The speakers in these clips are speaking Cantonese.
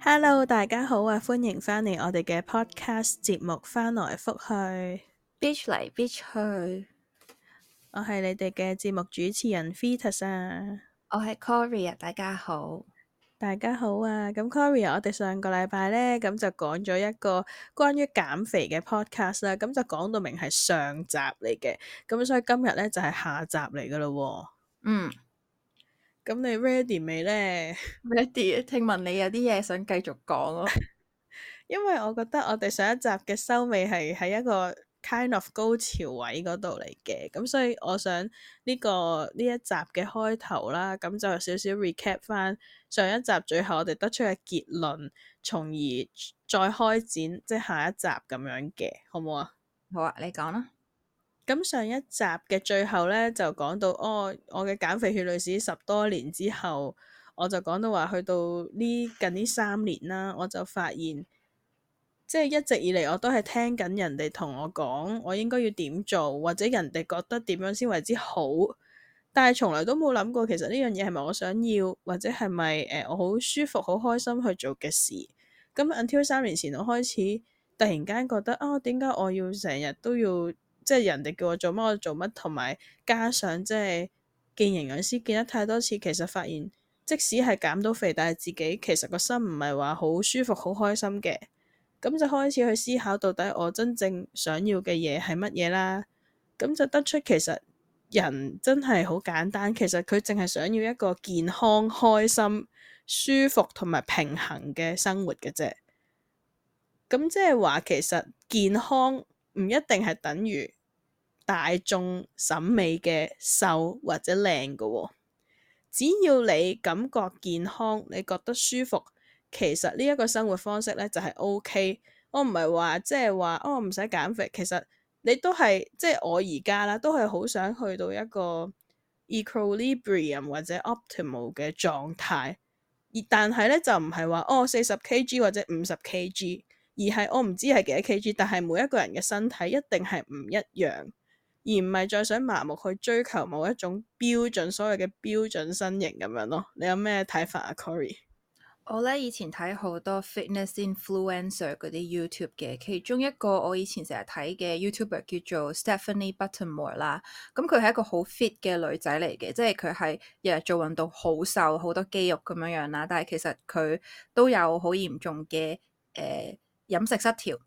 Hello，大家好啊，歡迎返嚟我哋嘅 podcast 節目返來覆去，Bitch 嚟 Bitch 去。我係你哋嘅節目主持人 Fetus 啊，我係 Korea，大家好，大家好啊。咁 Korea，我哋上個禮拜咧，咁就講咗一個關於減肥嘅 podcast 啦。咁就講到明係上集嚟嘅，咁所以今日咧就係下集嚟嘅咯。嗯。咁你 ready 未咧？ready，聽聞你有啲嘢想繼續講咯， 因為我覺得我哋上一集嘅收尾係喺一個 kind of 高潮位嗰度嚟嘅，咁所以我想呢、呢個呢一集嘅開頭啦，咁就少少 recap 翻上一集最後我哋得出嘅結論，從而再開展即係、即係、下一集咁樣嘅，好唔好啊？好啊，你講啦。咁上一集嘅最後咧，就講到哦，我嘅減肥血淚史十多年之後，我就講到話，去到呢近呢三年啦，我就發現，即係一直以嚟我都係聽緊人哋同我講，我應該要點做，或者人哋覺得點樣先為之好，但係從來都冇諗過其實呢樣嘢係咪我想要，或者係咪誒我好舒服、好開心去做嘅事。咁、嗯、until 三年前，我開始突然間覺得啊，點解我要成日都要？即係人哋叫我做乜，我做乜，同埋加上即係見營養師見得太多次，其實發現即使係減到肥，但係自己其實個心唔係話好舒服、好開心嘅。咁就開始去思考，到底我真正想要嘅嘢係乜嘢啦？咁就得出其實人真係好簡單，其實佢淨係想要一個健康、開心、舒服同埋平衡嘅生活嘅啫。咁即係話其實健康唔一定係等於，大眾審美嘅瘦或者靚嘅，哦，只要你感覺健康，你覺得舒服，其實呢一個生活方式咧，就係 OK。我唔係話即係話我唔使減肥，其實你都係即係我而家啦，都係好想去到一個 equilibrium 或者 optimal 嘅狀態。而但係咧，就唔係話哦，四十 kg 或者五十 kg，而係我唔知係幾多 kg，但係每一個人嘅身體一定係唔一樣。而唔係再想麻木去追求某一種標準，所謂嘅標準身形咁樣咯。你有咩睇法啊，Corey？e 我咧以前睇好多 fitness influencer 嗰啲 YouTube 嘅，其中一個我以前成日睇嘅 YouTuber 叫做 Stephanie Buttermore 啦。咁佢係一個好 fit 嘅女仔嚟嘅，即係佢係日日做運動，好瘦，好多肌肉咁樣樣啦。但係其實佢都有好嚴重嘅誒、呃、飲食失調。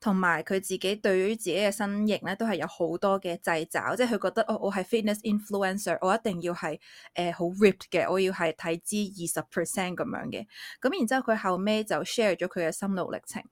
同埋佢自己對於自己嘅身形咧，都係有好多嘅製找，即係佢覺得哦，我係 fitness influencer，我一定要係誒好、呃、ripped 嘅，我要係體脂二十 percent 咁樣嘅。咁然之後佢後尾就 share 咗佢嘅心路歷程，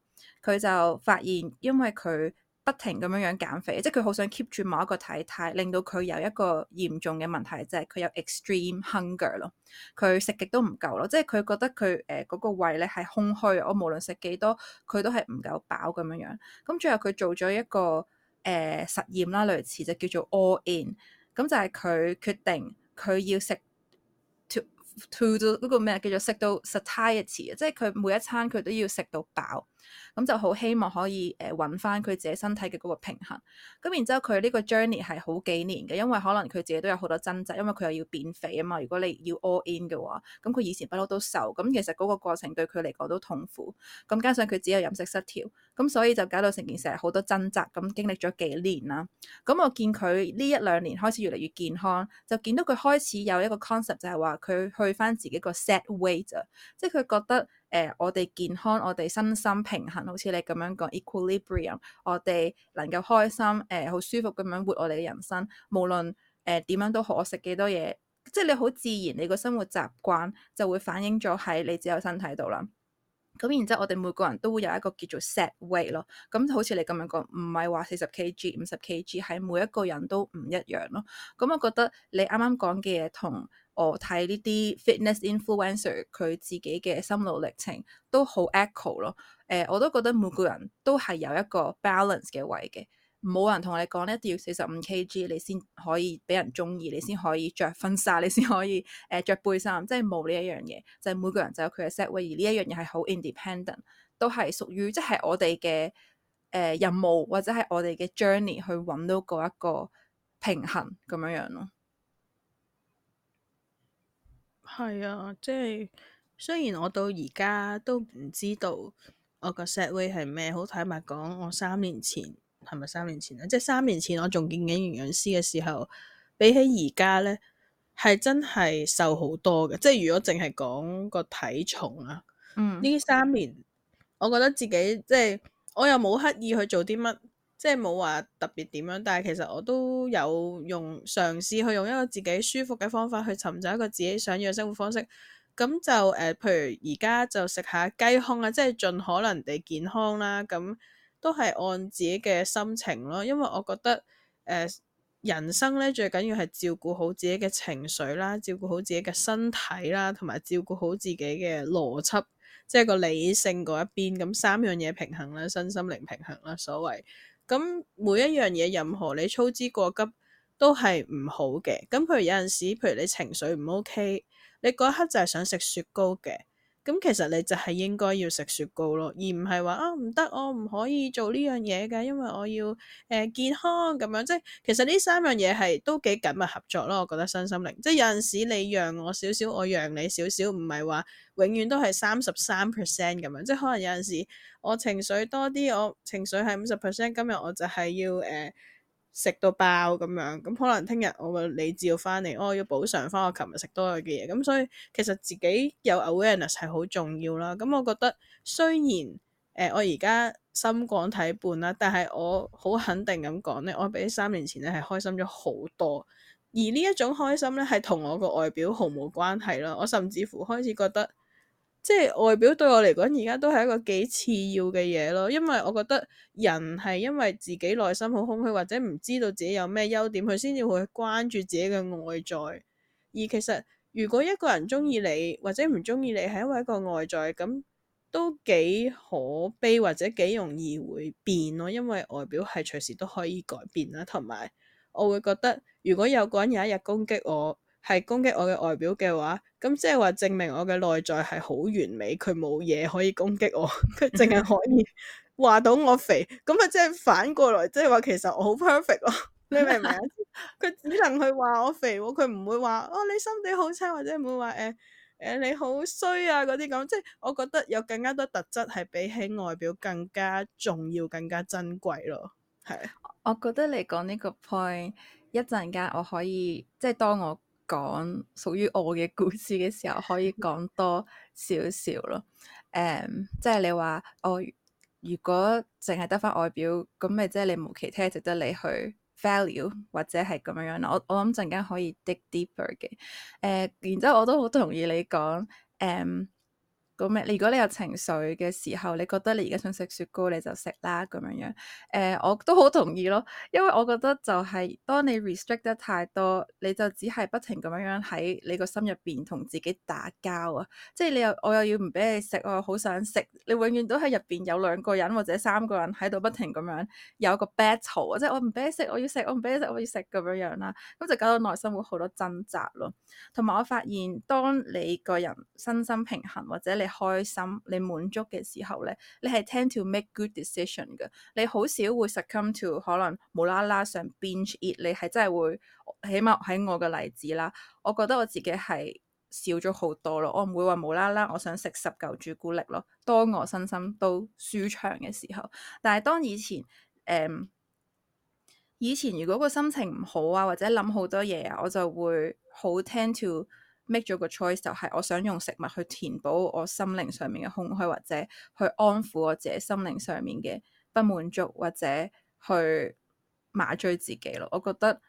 佢就發現因為佢。不停咁樣樣減肥，即係佢好想 keep 住某一個體態，令到佢有一個嚴重嘅問題，就係佢有 extreme hunger 咯，佢食極都唔夠咯，即係佢覺得佢誒嗰個胃咧係空虛，我無論食幾多，佢都係唔夠飽咁樣樣。咁最後佢做咗一個誒、呃、實驗啦，類似就叫做 all in，咁就係佢決定佢要食 to to 到咩叫做食到 satiety 啊，即係佢每一餐佢都要食到飽。咁就好希望可以誒揾翻佢自己身體嘅嗰個平衡，咁然之後佢呢個 journey 係好幾年嘅，因為可能佢自己都有好多掙扎，因為佢又要變肥啊嘛。如果你要 all in 嘅話，咁佢以前不嬲都瘦，咁其實嗰個過程對佢嚟講都痛苦，咁加上佢只有飲食失調，咁所以就搞到成件事係好多掙扎，咁經歷咗幾年啦。咁我見佢呢一兩年開始越嚟越健康，就見到佢開始有一個 concept 就係話佢去翻自己個 set weight 啊，即係佢覺得。誒、呃，我哋健康，我哋身心平衡，好似你咁樣講 equilibrium，我哋能夠開心，誒、呃、好舒服咁樣活我哋嘅人生，無論誒點、呃、樣都好，我食幾多嘢，即係你好自然，你個生活習慣就會反映咗喺你自己身體度啦。咁然之後，我哋每個人都會有一個叫做 set weight 咯。咁好似你咁樣講，唔係話四十 kg、五十 kg，係每一個人都唔一樣咯。咁我覺得你啱啱講嘅嘢同我睇呢啲 fitness influencer 佢自己嘅心路歷程都好 echo 咯。誒、呃，我都覺得每個人都係有一個 balance 嘅位嘅。冇人同你講一定要四十五 kg 你先可以俾人中意，你先可以着婚紗，你先可以誒著背衫，即係冇呢一樣嘢，就係、是、每個人就有佢嘅 set way。而呢一樣嘢係好 independent，都係屬於即係、就是、我哋嘅誒任務，或者係我哋嘅 journey 去揾到嗰一個平衡咁樣樣咯。係啊，即、就、係、是、雖然我到而家都唔知道我個 set way 係咩，好坦白講，我三年前。係咪三年前啊？即係三年前我仲見緊營養師嘅時候，比起而家咧，係真係瘦好多嘅。即係如果淨係講個體重啊，嗯，呢三年我覺得自己即係我又冇刻意去做啲乜，即係冇話特別點樣。但係其實我都有用嘗試去用一個自己舒服嘅方法去尋找一個自己想要嘅生活方式。咁就誒、呃，譬如而家就食下雞胸啊，即係盡可能地健康啦。咁。都係按自己嘅心情咯，因為我覺得誒、呃、人生，咧最緊要係照顧好自己嘅情緒啦，照顧好自己嘅身體啦，同埋照顧好自己嘅邏輯，即係個理性嗰一邊。咁三樣嘢平衡啦，身心靈平衡啦，所謂。咁每一樣嘢，任何你操之過急都係唔好嘅。咁譬如有陣時，譬如你情緒唔 OK，你嗰一刻就係想食雪糕嘅。咁其實你就係應該要食雪糕咯，而唔係話啊唔得，我唔可以做呢樣嘢㗎，因為我要誒、呃、健康咁樣。即係其實呢三樣嘢係都幾緊密合作咯。我覺得身心靈，即係有陣時你讓我少少，我讓你少少，唔係話永遠都係三十三 percent 咁樣。即係可能有陣時我情緒多啲，我情緒係五十 percent，今日我就係要誒、呃食到爆咁樣，咁可能聽日我個理智要翻嚟，我要補償翻我琴日食多咗嘅嘢，咁、嗯、所以其實自己有 awareness 係好重要啦。咁、嗯、我覺得雖然誒、呃、我而家心廣體胖啦，但係我好肯定咁講咧，我比三年前咧係開心咗好多，而呢一種開心咧係同我個外表毫無關係咯。我甚至乎開始覺得。即係外表對我嚟講，而家都係一個幾次要嘅嘢咯。因為我覺得人係因為自己內心好空虛，或者唔知道自己有咩優點，佢先至會關注自己嘅外在。而其實如果一個人中意你或者唔中意你係因為一個外在，咁都幾可悲或者幾容易會變咯。因為外表係隨時都可以改變啦。同埋我會覺得，如果有個人有一日攻擊我，係攻擊我嘅外表嘅話，咁即係話證明我嘅內在係好完美，佢冇嘢可以攻擊我，佢淨係可以話到我肥，咁啊即係反過來，即係話其實我好 perfect 咯，你明唔明？佢 只能去話我肥，佢唔會話哦你心地好差，或者唔會話誒誒你好衰啊嗰啲咁，即係、就是、我覺得有更加多特質係比起外表更加重要、更加珍貴咯。係，我覺得你講呢個 point 一陣間我可以即係、就是、當我。講屬於我嘅故事嘅時候，可以講多少少咯。誒、 um,，即係你話我如果淨係得返外表，咁咪即係你冇其他值得你去 value 或者係咁樣咯。我我諗陣間可以 dig deeper 嘅。誒、uh,，然之後我都好同意你講誒。Um, 個咩？如果你有情緒嘅時候，你覺得你而家想食雪糕，你就食啦咁樣樣。誒、呃，我都好同意咯，因為我覺得就係、是、當你 restrict 得太多，你就只係不停咁樣樣喺你個心入邊同自己打交啊。即係你又我又要唔俾你食，我好想食。你永遠都喺入邊有兩個人或者三個人喺度不停咁樣有一個 battle 啊，即係我唔俾你食，我要食；我唔俾你食，我要食咁樣樣啦。咁就搞到內心會好多掙扎咯。同埋我發現，當你個人身心平衡或者你，你開心你滿足嘅時候咧，你係 tend to make good decision 嘅，你好少會 succumb to 可能無啦啦想 binge eat，你係真係會起碼喺我嘅例子啦，我覺得我自己係少咗好多咯，我唔會話無啦啦我想食十嚿朱古力咯，當我身心都舒暢嘅時候，但係當以前誒、嗯，以前如果個心情唔好啊或者諗好多嘢啊，我就會好 tend to。make 咗個 choice 就係我想用食物去填補我心靈上面嘅空虛，或者去安撫我自己心靈上面嘅不滿足，或者去麻醉自己咯。我覺得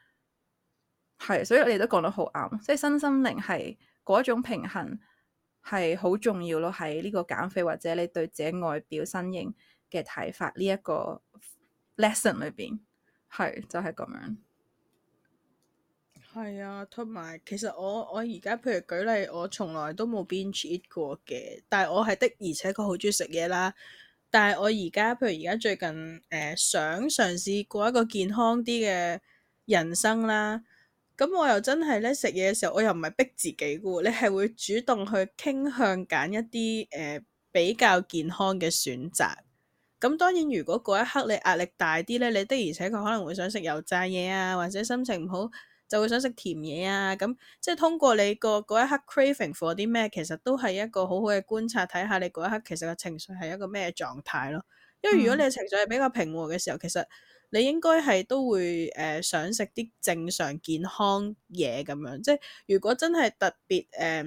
係，所以我哋都講得好啱。即係身心靈係嗰一種平衡係好重要咯。喺呢個減肥或者你對自己外表身形嘅睇法呢一個 lesson 裏邊，係就係、是、咁樣。係啊，同埋、哎、其實我我而家譬如舉例，我從來都冇邊食過嘅，但係我係的，而且確好中意食嘢啦。但係我而家譬如而家最近誒、呃，想嘗試過一個健康啲嘅人生啦。咁我又真係咧食嘢嘅時候，我又唔係逼自己噶，你係會主動去傾向揀一啲誒、呃、比較健康嘅選擇。咁當然，如果嗰一刻你壓力大啲咧，你的而且確可能會想食油炸嘢啊，或者心情唔好，就會想食甜嘢啊，咁即係通過你個嗰一刻 craving for 啲咩，其實都係一個好好嘅觀察，睇下你嗰一刻其實個情緒係一個咩狀態咯。因為如果你嘅情緒係比較平和嘅時候，其實你應該係都會誒、呃、想食啲正常健康嘢咁樣。即係如果真係特別誒、呃、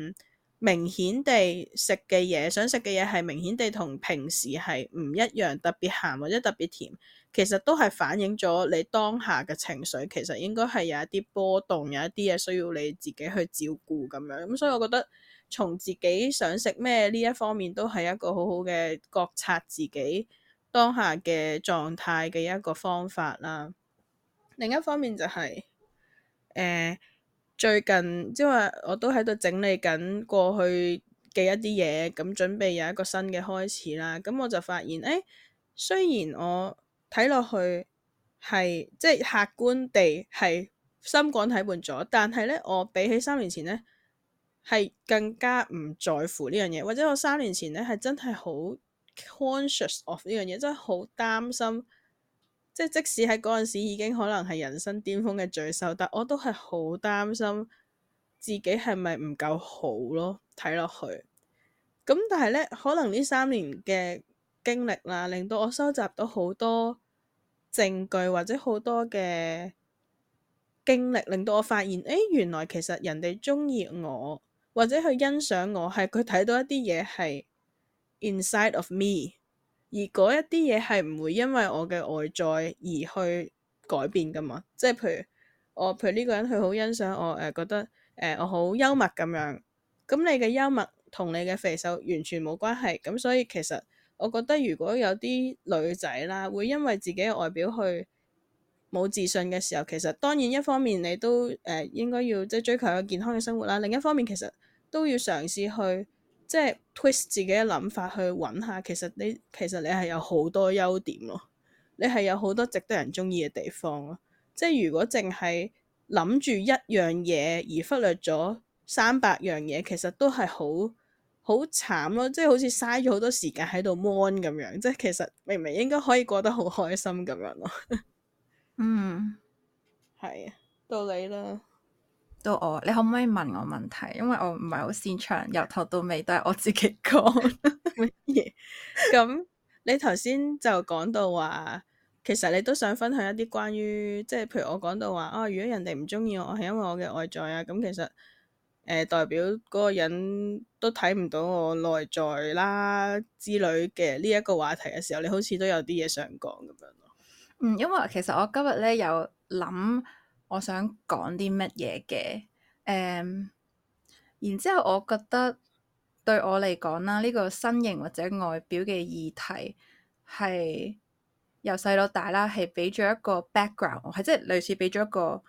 明顯地食嘅嘢，想食嘅嘢係明顯地同平時係唔一樣，特別鹹或者特別甜。其實都係反映咗你當下嘅情緒，其實應該係有一啲波動，有一啲嘢需要你自己去照顧咁樣。咁所以我覺得從自己想食咩呢一方面都係一個好好嘅覺察自己當下嘅狀態嘅一個方法啦。另一方面就係誒、呃、最近，即係話我都喺度整理緊過去嘅一啲嘢，咁準備有一個新嘅開始啦。咁我就發現誒，雖然我睇落去係即係客觀地係心廣體胖咗，但係咧，我比起三年前咧係更加唔在乎呢樣嘢，或者我三年前咧係真係好 conscious of 呢樣嘢，真係好擔心。即係即使喺嗰陣時已經可能係人生巔峰嘅最瘦，但我都係好擔心自己係咪唔夠好咯？睇落去咁，但係咧，可能呢三年嘅。經歷啦，令到我收集到好多證據或者好多嘅經歷，令到我發現，誒、哎，原來其實人哋中意我或者佢欣賞我，係佢睇到一啲嘢係 inside of me，而嗰一啲嘢係唔會因為我嘅外在而去改變噶嘛。即係譬如我，譬如呢個人，佢好欣賞我誒、呃，覺得誒、呃、我好幽默咁樣，咁你嘅幽默同你嘅肥瘦完全冇關係。咁所以其實。我覺得如果有啲女仔啦，會因為自己嘅外表去冇自信嘅時候，其實當然一方面你都誒、呃、應該要即係追求一個健康嘅生活啦，另一方面其實都要嘗試去即係 twist 自己嘅諗法去揾下，其實你其實你係有好多優點咯，你係有好多值得人中意嘅地方咯。即係如果淨係諗住一樣嘢而忽略咗三百樣嘢，其實都係好。好慘咯，即係好似嘥咗好多時間喺度 mon 咁樣，即係其實明明應該可以過得好開心咁樣咯。 嗯，係啊，到你啦，到我，你可唔可以問我問題？因為我唔係好擅長，由頭到尾都係我自己講嘢。咁你頭先就講到話，其實你都想分享一啲關於，即係譬如我講到話，哦，如果人哋唔中意我係因為我嘅外在啊，咁其實。誒、呃、代表嗰人都睇唔到我內在啦之類嘅呢一個話題嘅時候，你好似都有啲嘢想講咁樣咯。嗯，因為其實我今日咧有諗我想講啲乜嘢嘅，誒、嗯，然之後我覺得對我嚟講啦，呢、呢個身形或者外表嘅議題係由細到大啦，係俾咗一個 background，係即係類似俾咗一個。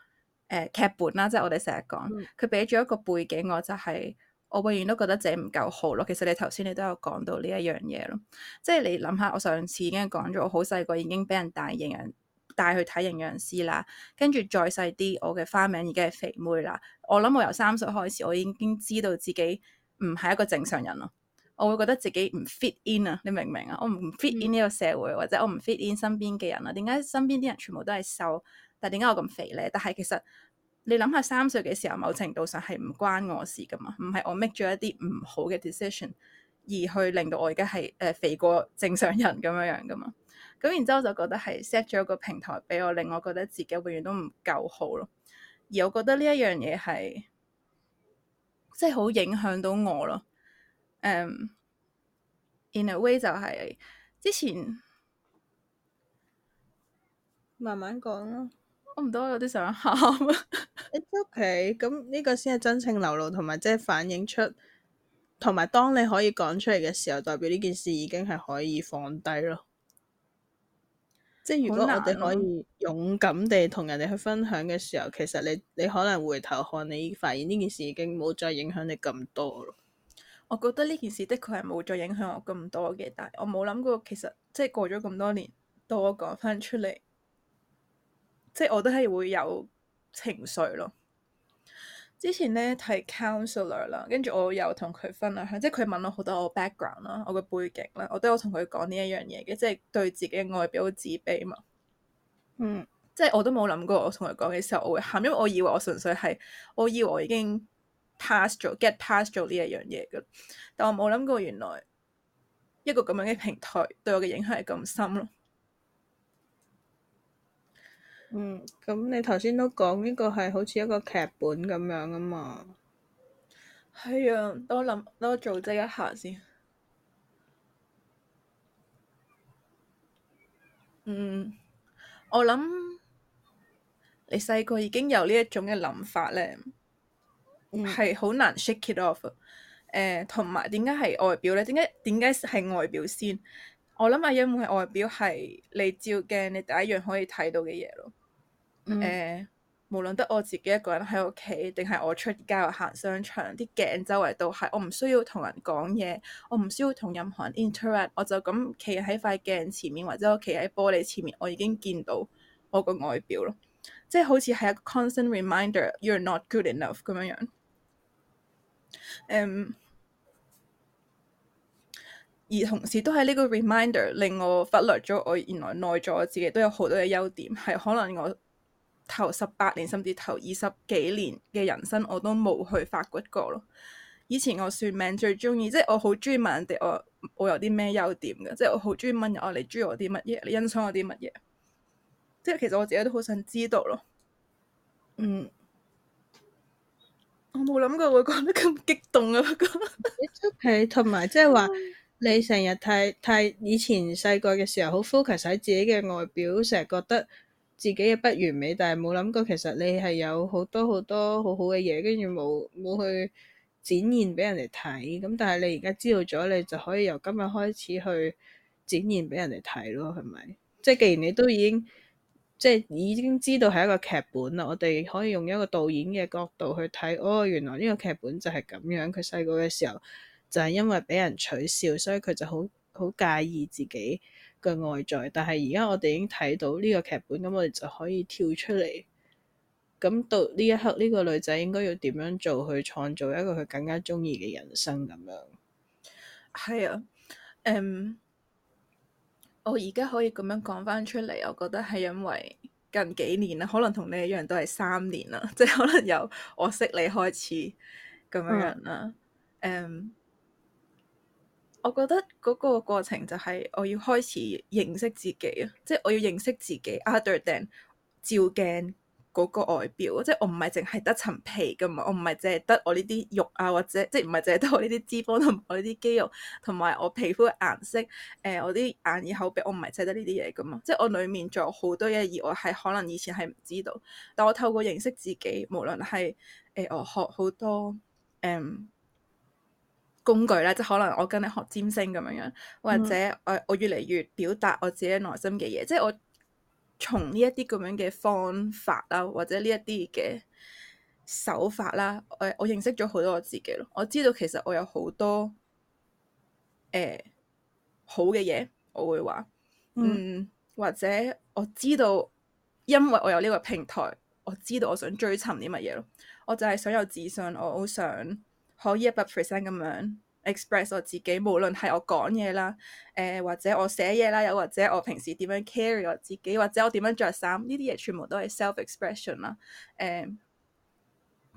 誒劇本啦，即係我哋成日講，佢俾咗一個背景，我就係我永遠都覺得自己唔夠好咯。其實你頭先你都有講到呢一樣嘢咯，即係你諗下，我上次已經講咗，我好細個已經俾人帶營養，帶去睇營養師啦。跟住再細啲，我嘅花名已經係肥妹啦。我諗我由三歲開始，我已經知道自己唔係一個正常人咯。我會覺得自己唔 fit in 啊，你明唔明啊？我唔 fit in 呢個社會，嗯、或者我唔 fit in 身邊嘅人啊？點解身邊啲人全部都係瘦？但係點解我咁肥咧？但係其實你諗下，三歲嘅時候，某程度上係唔關我事噶嘛，唔係我 make 咗一啲唔好嘅 decision 而去令到我而家係誒肥過正常人咁樣樣噶嘛。咁然之後我就覺得係 set 咗個平台俾我，令我覺得自己永遠都唔夠好咯。而我覺得呢一樣嘢係即係好影響到我咯。誒、um, in a way 就係、是、之前慢慢講咯。差唔多有啲想喊啊，OK，咁呢個先係真情流露，同埋即係反映出，同埋當你可以講出嚟嘅時候，代表呢件事已經係可以放低咯。即係如果我哋可以勇敢地同人哋去分享嘅時候，啊、其實你你可能回頭看，你發現呢件事已經冇再影響你咁多咯。我覺得呢件事的確係冇再影響我咁多嘅，但係我冇諗過，其實即係過咗咁多年，到我講翻出嚟。即係我都係會有情緒咯。之前咧睇 counselor 啦，跟住我又同佢分享，即係佢問我好多 background 啦，我個背景啦，我都有同佢講呢一樣嘢嘅，即係對自己嘅外表好自卑嘛。嗯，即係我都冇諗過我同佢講嘅時候我會喊，因為我以為我純粹係，我以為我已經 pass 咗，get pass 咗呢一樣嘢嘅。但我冇諗過，原來一個咁樣嘅平台對我嘅影響係咁深咯。嗯，咁你頭先都講呢，這個係好似一個劇本咁樣啊嘛，係啊，多諗多組織一下先。嗯，我諗你細個已經有呢一種嘅諗法咧，係好，嗯，難 shake it off。誒、呃，同埋點解係外表咧？點解點解係外表先？我諗啊，因為外表係你照鏡，你第一樣可以睇到嘅嘢咯。誒、嗯呃，無論得我自己一個人喺屋企，定係我出街行商場，啲鏡周圍都係，我唔需要同人講嘢，我唔需要同任何人 interact，我就咁企喺塊鏡前面，或者我企喺玻璃前面，我已經見到我個外表咯，即係好似係一個 constant reminder，you're not good enough 咁樣。嗯、um，而同時都係呢個 reminder 令我忽略咗我原來內在自己都有好多嘅優點，係可能我。頭十八年甚至頭二十幾年嘅人生，我都冇去發掘過咯。以前我算命最中意，即係我好中意問人哋我我有啲咩優點嘅，即係我好中意問人、啊、我你中意我啲乜嘢，你欣賞我啲乜嘢。即係其實我自己都好想知道咯。嗯，我冇諗過會講得咁激動啊！不過係同埋即係話， 你成日睇睇以前細個嘅時候，好 focus 喺自己嘅外表，成日覺得。自己嘅不完美，但係冇諗過其實你係有好多好多好好嘅嘢，跟住冇冇去展現俾人哋睇。咁但係你而家知道咗，你就可以由今日開始去展現俾人哋睇咯，係咪？即係既然你都已經，即係已經知道係一個劇本啦，我哋可以用一個導演嘅角度去睇。哦，原來呢個劇本就係咁樣，佢細個嘅時候就係因為俾人取笑，所以佢就好好介意自己嘅外在，但係而家我哋已經睇到呢個劇本，咁、嗯、我哋就可以跳出嚟，咁、嗯、到呢一刻呢、呢個女仔應該要點樣做去創造一個佢更加中意嘅人生咁樣？係啊，誒、嗯，我而家可以咁樣講翻出嚟，我覺得係因為近幾年啦，可能同你一樣都係三年啦，即、就、係、是、可能由我識你開始咁樣樣啦，誒、嗯。嗯我覺得嗰個過程就係我要開始認識自己啊，即係我要認識自己，other than 照鏡嗰個外表，即係我唔係淨係得層皮噶嘛，我唔係淨係得我呢啲肉啊，或者即係唔係淨係得我呢啲脂肪同埋我呢啲肌肉，同埋我皮膚顏色，誒、呃、我啲眼耳口鼻，我唔係淨係得呢啲嘢噶嘛，即係我裡面仲有好多嘢，而我係可能以前係唔知道，但我透過認識自己，無論係誒、呃、我學好多誒。呃工具啦，即係可能我跟你學占星咁樣樣，或者我我越嚟越表達我自己內心嘅嘢，嗯、即係我從呢一啲咁樣嘅方法啦，或者呢一啲嘅手法啦，我我認識咗好多我自己咯。我知道其實我有多、欸、好多誒好嘅嘢，我會話嗯，嗯或者我知道因為我有呢個平台，我知道我想追尋啲乜嘢咯，我就係想有自信，我好想，可以一百 percent 咁樣 express 我自己，無論係我講嘢啦，誒、呃、或者我寫嘢啦，又或者我平時點樣 carry 我自己，或者我點樣着衫，呢啲嘢全部都係 self expression 啦。誒、呃，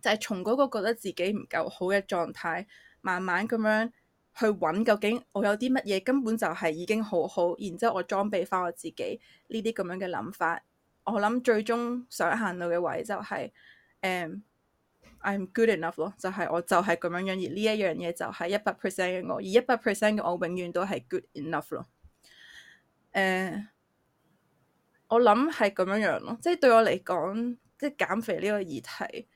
就係、是、從嗰個覺得自己唔夠好嘅狀態，慢慢咁樣去揾究竟我有啲乜嘢根本就係已經好好，然之後我裝備翻我自己呢啲咁樣嘅諗法。我諗最終想行到嘅位就係、是、誒。呃 I'm good enough 咯，就係我就係咁樣樣，而呢一樣嘢就係一百 percent 嘅我，而一百 percent 嘅我永遠都係 good enough 咯。誒，我諗係咁樣樣咯，即係對我嚟講，即係減肥呢個議題，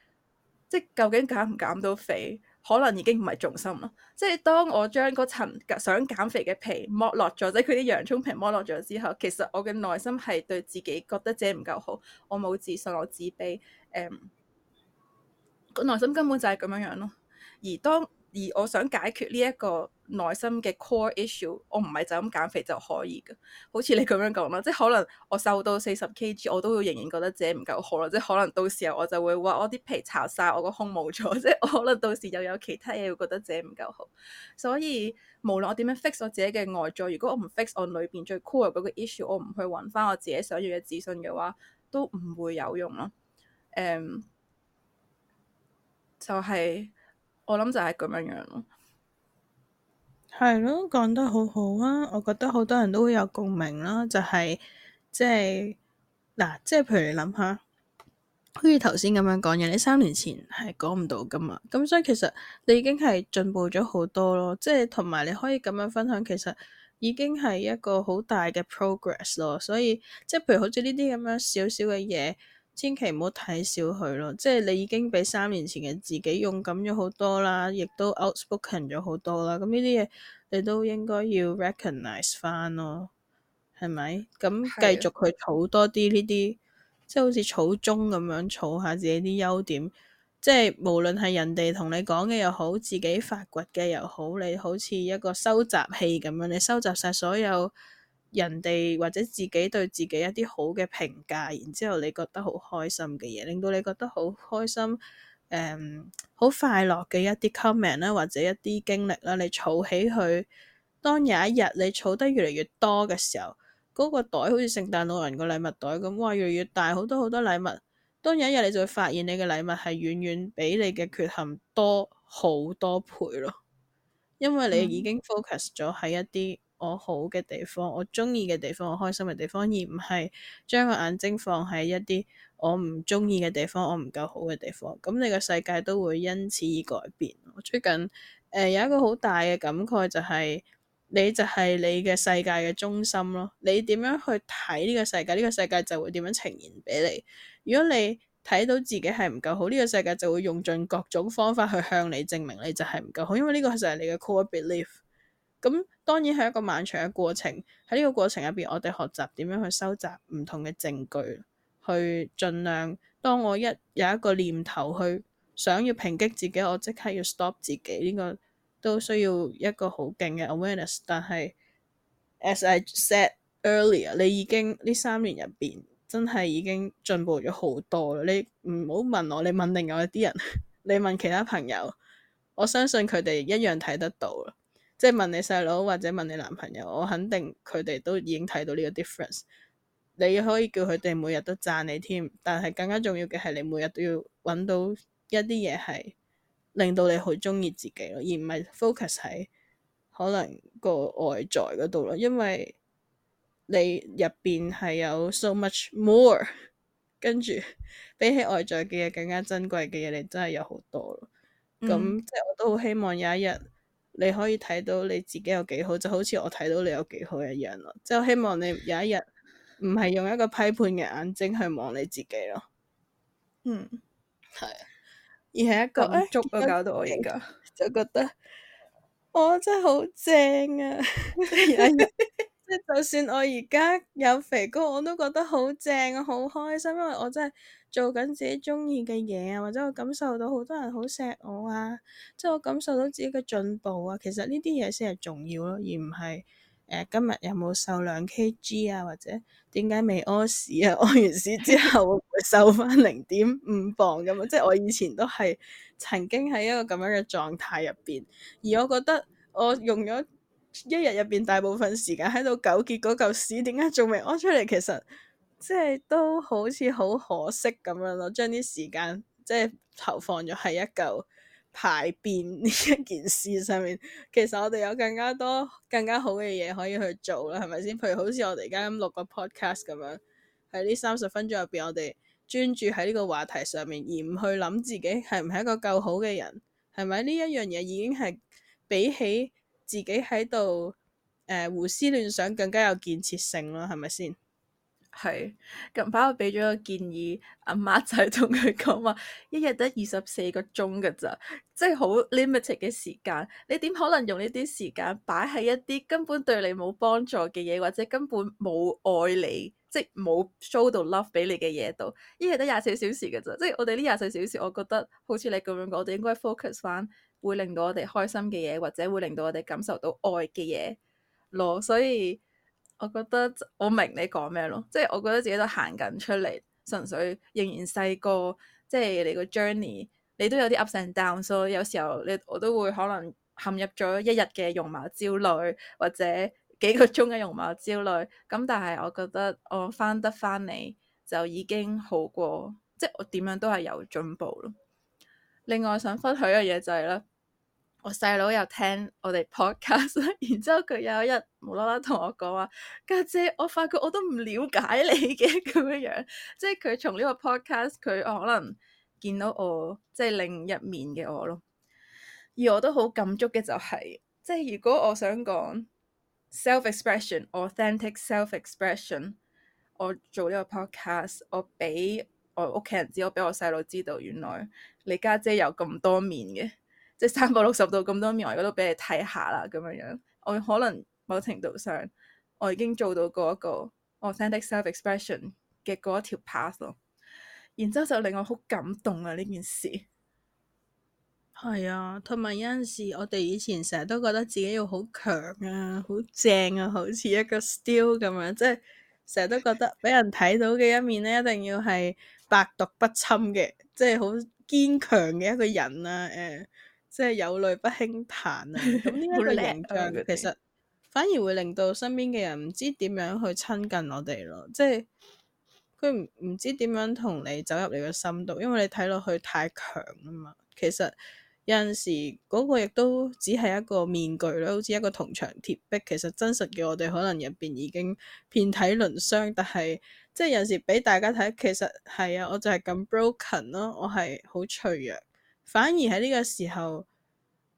即係究竟減唔減到肥，可能已經唔係重心咯。即係當我將嗰層想減肥嘅皮剝落咗，即係佢啲洋葱皮剝落咗之後，其實我嘅內心係對自己覺得自己唔夠好，我冇自信，我自卑，誒。個內心根本就係咁樣樣咯，而當而我想解決呢一個內心嘅 core issue，我唔係就咁減肥就可以嘅。好似你咁樣講啦，即係可能我瘦到四十 kg，我都會仍然覺得自己唔夠好咯。即係可能到時候我就會話我啲皮巢晒，我個胸冇咗，即我可能到時又有其他嘢會覺得自己唔夠好。所以無論我點樣 fix 我自己嘅外在，如果我唔 fix 我裏邊最 core 嗰個 issue，我唔去揾翻我自己想要嘅自信嘅話，都唔會有用咯。誒、um。就係、係、我諗就係咁樣樣咯，係咯，講得好好啊！我覺得好多人都會有共鳴、就係、啦，就係即係嗱，即係譬如你諗下，好似頭先咁樣講嘢，你三年前係講唔到噶嘛，咁所以其實你已經係進步咗好多咯，即係同埋你可以咁樣分享，其實已經係一個好大嘅 progress 咯，所以即係譬如好似呢啲咁樣少少嘅嘢。千祈唔好睇少佢咯，即係你已經比三年前嘅自己勇敢咗好多啦，亦都 outspoken 咗好多啦。咁呢啲嘢你都應該要 recognize 翻咯，係咪？咁繼續去儲多啲呢啲，的即係好似儲鐘咁樣儲下自己啲優點。即係無論係人哋同你講嘅又好，自己發掘嘅又好，你好似一個收集器咁樣，你收集晒所有。人哋或者自己對自己一啲好嘅評價，然之後你覺得好開心嘅嘢，令到你覺得好開心、誒、嗯、好快樂嘅一啲 comment 啦，或者一啲經歷啦，你儲起去。當有一日你儲得越嚟越多嘅時候，嗰、嗰個袋好似聖誕老人個禮物袋咁，哇！越嚟越大，好多好多禮物。當有一日你就會發現你嘅禮物係遠遠比你嘅缺陷多好多倍咯，因為你已經 focus 咗喺一啲。嗯我好嘅地方，我中意嘅地方，我開心嘅地方，而唔係將個眼睛放喺一啲我唔中意嘅地方，我唔夠好嘅地方。咁你個世界都會因此而改變。我最近誒、呃、有一個好大嘅感慨就係，你就係你嘅世界嘅中心咯。你點樣去睇呢個世界，呢個世界就會點樣呈現俾你。如果你睇到自己係唔夠好，呢個世界就會用盡各種方法去向你證明你就係唔夠好，因為呢個就係你嘅 core belief。咁、嗯、當然係一個漫長嘅過程，喺呢個過程入邊，我哋學習點樣去收集唔同嘅證據，去盡量當我一有一個念頭去想要抨擊自己，我即刻要 stop 自己。呢、呢個都需要一個好勁嘅 awareness。但係 as I said earlier，你已經呢三年入邊真係已經進步咗好多啦。你唔好問我，你問另外一啲人， 你問其他朋友，我相信佢哋一樣睇得到啦。即係問你細佬或者問你男朋友，我肯定佢哋都已經睇到呢個 difference。你可以叫佢哋每日都讚你添，但係更加重要嘅係你每日都要揾到一啲嘢係令到你好中意自己咯，而唔係 focus 喺可能個外在嗰度咯。因為你入邊係有 so much more，跟住比起外在嘅嘢更加珍貴嘅嘢，你真係有好多咯。咁、嗯、即係我都好希望有一日。你可以睇到你自己有幾好，就好似我睇到你有幾好一樣咯。即係希望你有一日唔係用一個批判嘅眼睛去望你自己咯。嗯，係。而係一個、哎、足啊，搞到我應該、哎、 就覺得我真係好正啊！ 即就算我而家有肥哥，我都覺得好正，好開心，因為我真係做緊自己中意嘅嘢啊，或者我感受到好多人好錫我啊，即係我感受到自己嘅進步啊。其實呢啲嘢先係重要咯，而唔係誒今日有冇瘦兩 KG 啊，或者點解未屙屎啊？屙完屎之後會瘦翻零點五磅咁啊！即係 我以前都係曾經喺一個咁樣嘅狀態入邊，而我覺得我用咗。一日入邊大部分時間喺度糾結嗰嚿屎點解仲未屙出嚟，其實即係都好似好可惜咁樣咯。將啲時間即係投放咗喺一嚿排便呢一件事上面，其實我哋有更加多、更加好嘅嘢可以去做啦，係咪先？譬如好似我哋而家咁錄個 podcast 咁樣，喺呢三十分鐘入邊，我哋專注喺呢個話題上面，而唔去諗自己係唔係一個夠好嘅人，係咪呢？一樣嘢已經係比起。自己喺度誒胡思亂想，更加有建設性啦，係咪先？係近排我俾咗個建議，阿媽仔同佢講話，一日得二十四個鐘㗎咋，即係好 limited 嘅時間。你點可能用呢啲時間擺喺一啲根本對你冇幫助嘅嘢，或者根本冇愛你，即係冇 show 到 love 俾你嘅嘢度？一日得廿四小時㗎咋，即係我哋呢廿四小時，我覺得好似你咁樣講，我哋應該 focus 翻。會令到我哋開心嘅嘢，或者會令到我哋感受到愛嘅嘢咯，所以我覺得我明你講咩咯，即係我覺得自己都行緊出嚟，純粹仍然細個，即係你個 journey，你都有啲 up and down，所以有時候你我都會可能陷入咗一日嘅容貌焦慮，或者幾個鐘嘅容貌焦慮，咁但係我覺得我翻得翻嚟就已經好過，即係我點樣都係有進步咯。另外想分享一樣嘢就係咧。我細佬又聽我哋 podcast，然之後佢有一日無啦啦同我講話，家姐，我發覺我都唔了解你嘅咁樣，即係佢從呢個 podcast 佢可能見到我即係另一面嘅我咯。而我都好感觸嘅就係、是，即係如果我想講 self expression，authentic self expression，我做呢個 podcast，我俾我屋企人知，我俾我細佬知道，我俾我細佬知道原來你家姐，姐有咁多面嘅。即係三百六十度咁多面，我而家都俾你睇下啦。咁樣樣，我可能某程度上，我已經做到過一個 authentic self expression 嘅嗰一條 path 咯。然之後就令我好感動啊！呢件事係啊，同埋有陣時，我哋以前成日都覺得自己要好強啊，好正啊，好似一個 still 咁樣，即係成日都覺得俾人睇到嘅一面咧， 一定要係百毒不侵嘅，即係好堅強嘅一個人啊。誒、呃。即係有淚不輕彈啊！咁呢一個形象 其實反而會令到身邊嘅人唔知點樣去親近我哋咯。即係佢唔唔知點樣同你走入你嘅心度，因為你睇落去太強啊嘛。其實有陣時嗰個亦都只係一個面具咯，好似一個銅牆鐵壁。其實真實嘅我哋可能入邊已經遍體鱗傷，但係即係有陣時俾大家睇，其實係啊，我就係咁 broken 咯，我係好脆弱。反而喺呢個時候，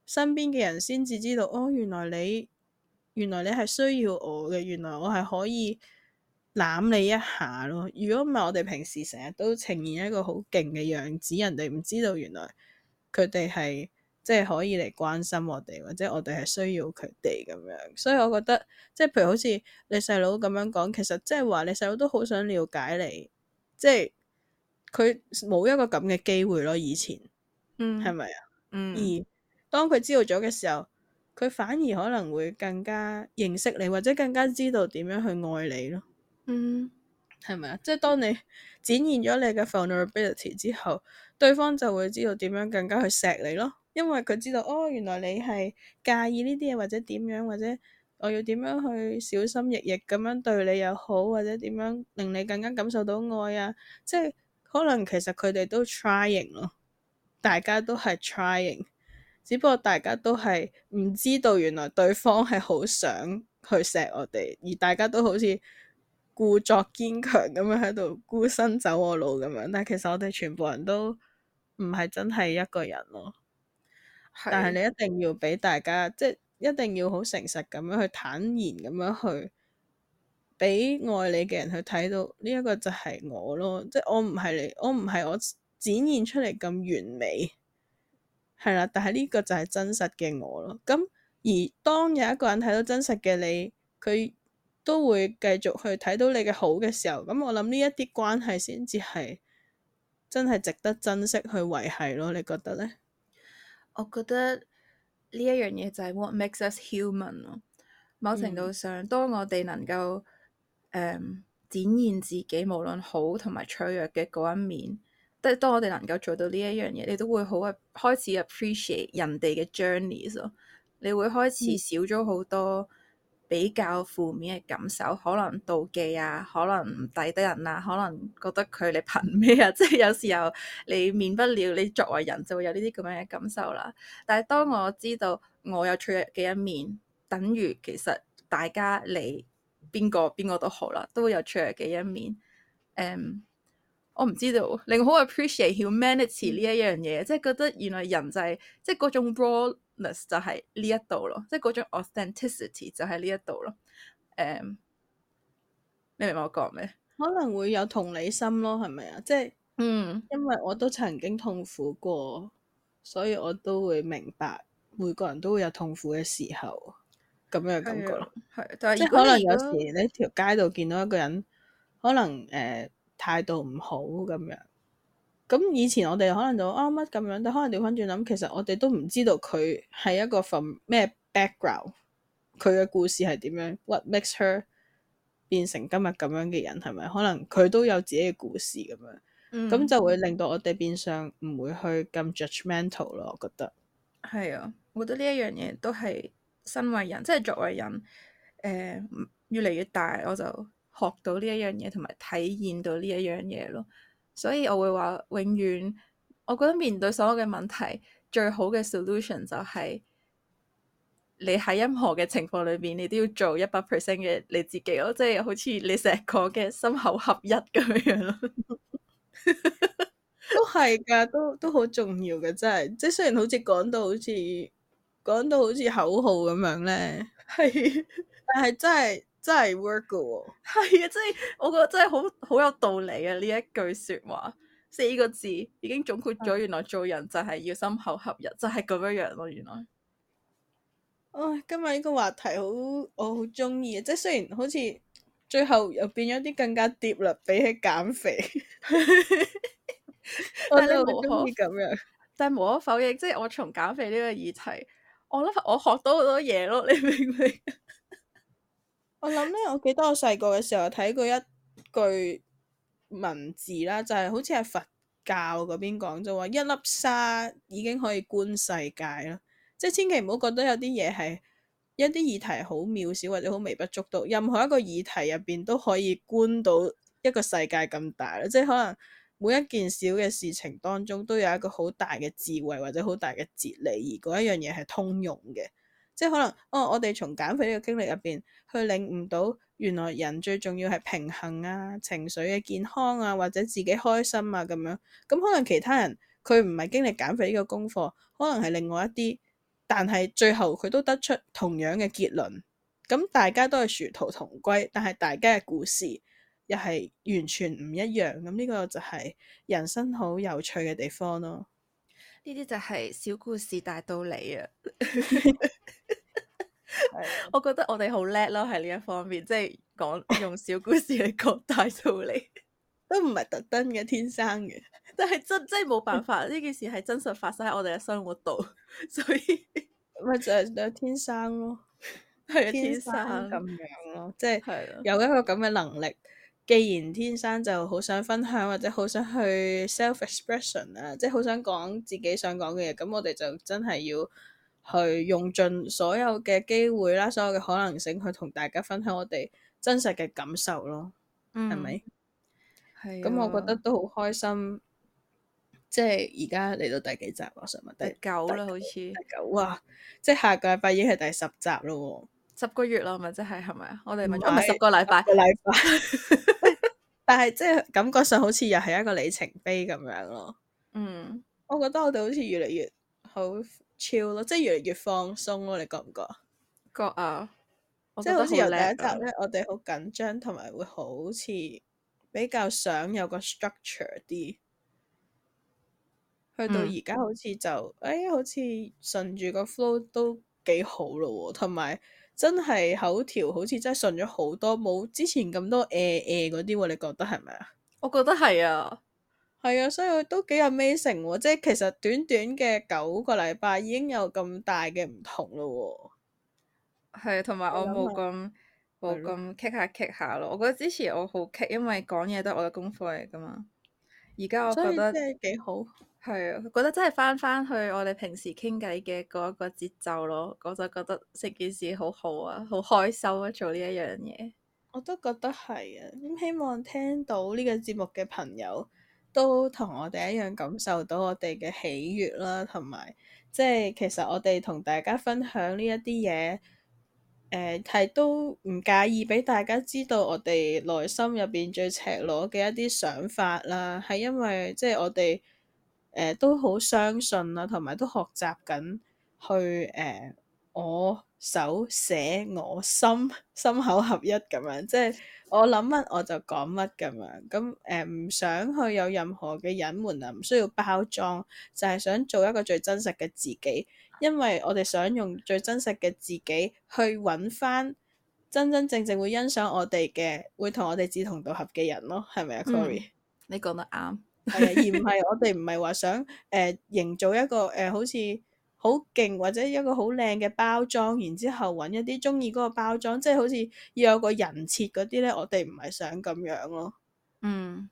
身邊嘅人先至知道哦，原來你，原來你係需要我嘅，原來我係可以攬你一下咯。如果唔係，我哋平時成日都呈現一個好勁嘅樣子，人哋唔知道原來佢哋係即係可以嚟關心我哋，或者我哋係需要佢哋咁樣。所以我覺得，即係譬如好似你細佬咁樣講，其實即係話你細佬都好想了解你，即係佢冇一個咁嘅機會咯，以前。係咪啊？嗯，係咪啊？嗯，而當佢知道咗嘅時候，佢反而可能會更加認識你，或者更加知道點樣去愛你咯。嗯，係咪啊？即係當你展現咗你嘅 vulnerability 之後，對方就會知道點樣更加去錫你咯。因為佢知道哦，原來你係介意呢啲嘢，或者點樣，或者我要點樣去小心翼翼咁樣對你又好，或者點樣令你更加感受到愛啊。即係可能其實佢哋都 trying 咯。大家都係 trying，只不過大家都係唔知道原來對方係好想去錫我哋，而大家都好似故作堅強咁樣喺度孤身走我路咁樣。但係其實我哋全部人都唔係真係一個人咯。但係你一定要俾大家，的即係一定要好誠實咁樣去坦然咁樣去俾愛你嘅人去睇到，呢一個就係我咯，即係我唔係你，我唔係我。展現出嚟咁完美係啦，但係呢個就係真實嘅我咯。咁而當有一個人睇到真實嘅你，佢都會繼續去睇到你嘅好嘅時候，咁我諗呢一啲關係先至係真係值得珍惜去維繫咯。你覺得呢？我覺得呢一樣嘢就係 What makes us human 咯。某程度上，嗯、當我哋能夠、呃、展現自己，無論好同埋脆弱嘅嗰一面。即係當我哋能夠做到呢一樣嘢，你都會好啊，開始 appreciate 人哋嘅 journeys 咯。你會開始少咗好多比較負面嘅感受，可能妒忌啊，可能唔抵得人啦，啊，可能覺得佢你憑咩啊？即係有時候你免不了，你作為人就會有呢啲咁樣嘅感受啦。但係當我知道我有脆弱嘅一面，等於其實大家你邊個邊個都好啦，都會有脆弱嘅一面。Um, 我唔知道，令我好 appreciate humanity 呢一樣嘢，即係覺得原來人就係、是、即係嗰種 rawness 就係呢一度咯，即係嗰種 authenticity 就係呢一度咯。誒、um，你明我講咩？可能會有同理心咯，係咪啊？即係嗯，因為我都曾經痛苦過，所以我都會明白每個人都會有痛苦嘅時候咁樣感覺咯。係，但即係可能有時喺條街度見到一個人，可能誒、呃態度唔好咁樣，咁以前我哋可能就啱乜咁樣，但可能調翻轉諗，其實我哋都唔知道佢係一個 from 咩 background，佢嘅故事係點樣，what makes her 變成今日咁樣嘅人，係咪可能佢都有自己嘅故事咁樣，咁、嗯、就會令到我哋變相唔會去咁 judgmental 咯，我覺得係啊，我覺得呢一樣嘢都係身為人，即係作為人，誒、呃、越嚟越大我就。學到呢一樣嘢，同埋體驗到呢一樣嘢咯，所以我會話永遠，我覺得面對所有嘅問題，最好嘅 solution 就係你喺任何嘅情況裏邊，你都要做一百 percent 嘅你自己咯，即係好似你成日講嘅心口合一咁樣咯， 都係噶，都都好重要噶，真係，即係雖然好似講到好似講到好似口號咁樣咧，係，但係真係。真係 work 噶、哦，係啊！即係我覺得真係好好有道理啊！呢一句說話四個字已經總括咗，嗯、原來做人就係要心口合一，就係、是、咁樣樣、啊、咯。原來，唉、哎，今日呢個話題好，我好中意啊！即係雖然好似最後又變咗啲更加 deep 啦，比起減肥，但係我好中意咁樣。 但係無可否認，即係我從減肥呢個議題，我諗我學到好多嘢咯。你明唔明？我諗咧，我記得我細個嘅時候睇過一句文字啦，就係好似係佛教嗰邊講就話一粒沙已經可以觀世界啦。即係千祈唔好覺得有啲嘢係一啲議題好渺小或者好微不足道，任何一個議題入邊都可以觀到一個世界咁大啦。即係可能每一件小嘅事情當中，都有一個好大嘅智慧或者好大嘅哲理，而嗰一樣嘢係通用嘅。即係可能哦，我哋從減肥呢個經歷入邊去領悟到原來人最重要係平衡啊、情緒嘅健康啊，或者自己開心啊咁樣。咁、嗯、可能其他人佢唔係經歷減肥呢個功課，可能係另外一啲，但係最後佢都得出同樣嘅結論。咁、嗯、大家都係殊途同歸，但係大家嘅故事又係完全唔一樣。咁、嗯、呢、這個就係人生好有趣嘅地方咯。呢啲就係小故事大道理啊！ 我覺得我哋好叻咯，喺呢一方面，即係講用小故事去講大道理， 都唔係特登嘅，天生嘅， 但係真真係冇辦法，呢 件事係真實發生喺我哋嘅生活度，所以咪 就係天生咯，係天生咁樣咯，即 係有一個咁嘅能力，既然天生就好想分享或者好想去 self expression 啊，即係好想講自己想講嘅嘢，咁我哋就真係要。去用盡所有嘅機會啦，所有嘅可能性去同大家分享我哋真實嘅感受咯，係咪？係。咁我覺得都好開心，即係而家嚟到第幾集？我想問，第，第九啦，好似像第九啊，嗯、即係下個禮拜已經係第十集啦，十個月咯，咪即係係咪啊？我哋咪再十個禮拜，十個禮拜。 但係即係感覺上好似又係一個里程碑咁樣咯。嗯，我覺得我哋好似越嚟越，越。好超咯，即係越嚟越放鬆咯，你覺唔覺，覺啊？覺啊，即係好似由第一集咧，我哋好緊張，同埋會好似比較想有個 structure 啲，去到而家好似就誒、嗯哎，好似順住個 flow 都幾好咯，同埋真係口條好似真係順咗好多，冇之前咁多誒誒嗰啲喎，你覺得係咪啊？我覺得係啊。係啊，所以我都幾有 making 即係，其實短短嘅九個禮拜已經有咁大嘅唔同咯。係啊，同埋我冇咁冇咁棘下棘下咯。我覺得之前我好棘，因為講嘢都係我嘅功夫嚟噶嘛。而家我覺得幾好，係啊，覺得真係翻翻去我哋平時傾偈嘅嗰一個節奏咯。我就覺得成件事好好啊，好開心啊，做呢一樣嘢。我都覺得係啊。咁希望聽到呢個節目嘅朋友都同我哋一樣感受到我哋嘅喜悅啦，同埋即係其實我哋同大家分享呢一啲嘢，誒、呃、係都唔介意俾大家知道我哋內心入邊最赤裸嘅一啲想法啦，係因為即係我哋誒、呃、都好相信啦，同埋都學習緊去誒、呃、我。手寫我心，心口合一咁樣，即係我諗乜我就講乜咁樣，咁誒唔想去有任何嘅隱瞞啊，唔需要包裝，就係、是、想做一個最真實嘅自己，因為我哋想用最真實嘅自己去揾翻真真正正會欣賞我哋嘅，會同我哋志同道合嘅人咯，係咪啊？Chloe，你講得啱，係 而唔係我哋唔係話想誒營、呃、造一個誒、呃、好似。好勁或者一個好靚嘅包裝，然之後揾一啲中意嗰個包裝，即係好似要有個人設嗰啲咧，我哋唔係想咁樣咯。嗯，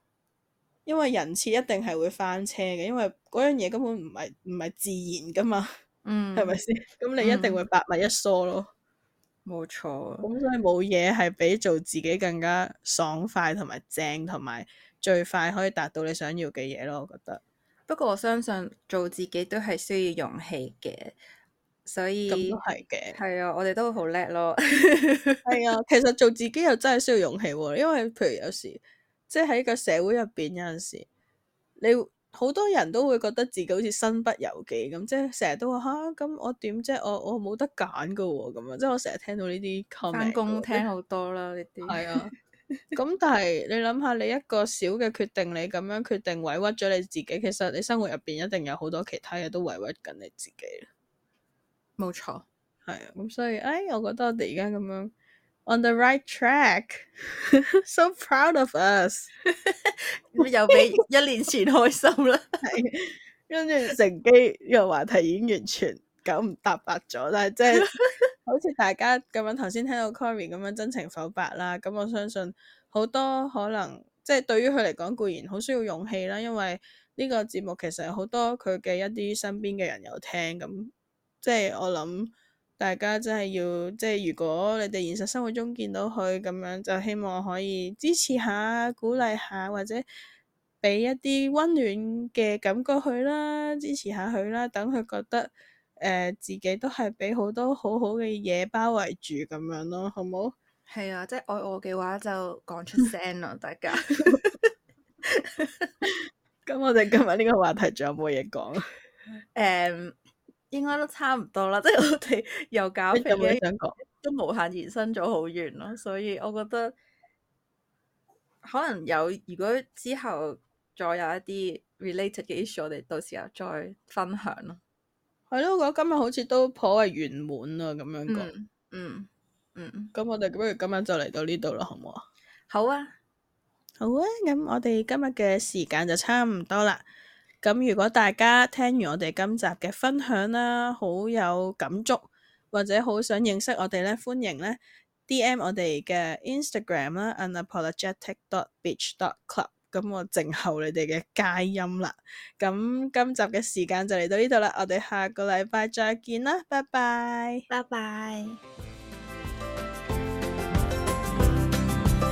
因，因為人設一定係會翻車嘅，因為嗰樣嘢根本唔係唔係自然㗎嘛。嗯，係咪先？咁、 嗯、你一定會百密一疏咯。冇錯。咁所以冇嘢係比做自己更加爽快同埋正同埋最快可以達到你想要嘅嘢咯，我覺得。不過我相信做自己都係需要勇氣嘅，所以咁都係嘅。係啊，我哋都好叻咯。係 啊，其實做自己又真係需要勇氣喎。因為譬如有時，即係喺個社會入邊有陣時，你好多人都會覺得自己好似身不由己咁，即係成日都話吓，咁、啊、我點啫？我我冇得揀噶喎咁啊！即係我成日聽到呢啲 comment，返工聽好多啦呢啲。係啊些。的 咁 但係你諗下，你一個小嘅決定，你咁樣決定委屈咗你自己，其實你生活入邊一定有好多其他嘢都委屈緊你自己。冇錯，係啊，咁所以，誒、哎，我覺得我哋而家咁樣，on the right track，so proud of us， 又比一年前開心啦，係，跟住乘機呢個話題已經完全。九唔搭八咗啦，即係、就是、 好似大家咁樣頭先聽到 Cory 咁樣真情剖白啦。咁我相信好多可能，即、就、係、是、對於佢嚟講固然好需要勇氣啦，因為呢個節目其實好多佢嘅一啲身邊嘅人有聽，咁，即係我諗大家真係要即係、就是、如果你哋現實生活中見到佢咁樣，就希望可以支持下、鼓勵下，或者俾一啲溫暖嘅感覺佢啦，支持下佢啦，等佢覺得。誒，uh, 自己都係俾好多好好嘅嘢包圍住咁樣咯，好冇？好？係啊，即係愛我嘅話就講出聲咯，大家。咁我哋今日呢個話題仲有冇嘢講？誒，um, 應該都差唔多啦，即係我哋又搞肥嘢，想講，都無限延伸咗好遠咯，所以我覺得可能有，如果之後再有一啲 related 嘅 issue，我哋到時候再分享咯。係咯，我覺得今日好似都頗為圓滿啊，咁樣講，嗯。嗯嗯，咁我哋不如今晚就嚟到呢度啦，好唔好？好啊？好啊，好啊，咁我哋今日嘅時間就差唔多啦。咁如果大家聽完我哋今集嘅分享啦，好有感觸或者好想認識我哋咧，歡迎咧 D.M 我哋嘅 Instagram 啦 unapologetic.beach.club 咁我靜候你哋嘅佳音啦。咁今集嘅時間就嚟到呢度啦，我哋下個禮拜再見啦，拜拜，拜拜。